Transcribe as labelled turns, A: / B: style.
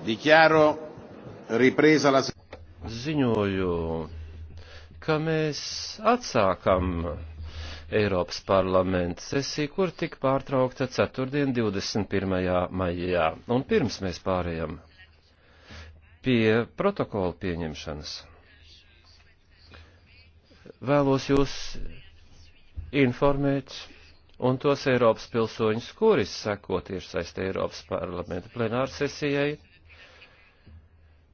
A: Dichiaro ripresa la
B: Ziņoju, ka mēs atsākam Eiropas parlamenta sesiju, kur tika pārtraukta ceturtdien 21. maijā. Un pirms mēs pārējām pie protokola pieņemšanas, vēlos jūs informēt un tos Eiropas pilsoņus, kuri seko tiešsaistē Eiropas parlamenta plenārsesijai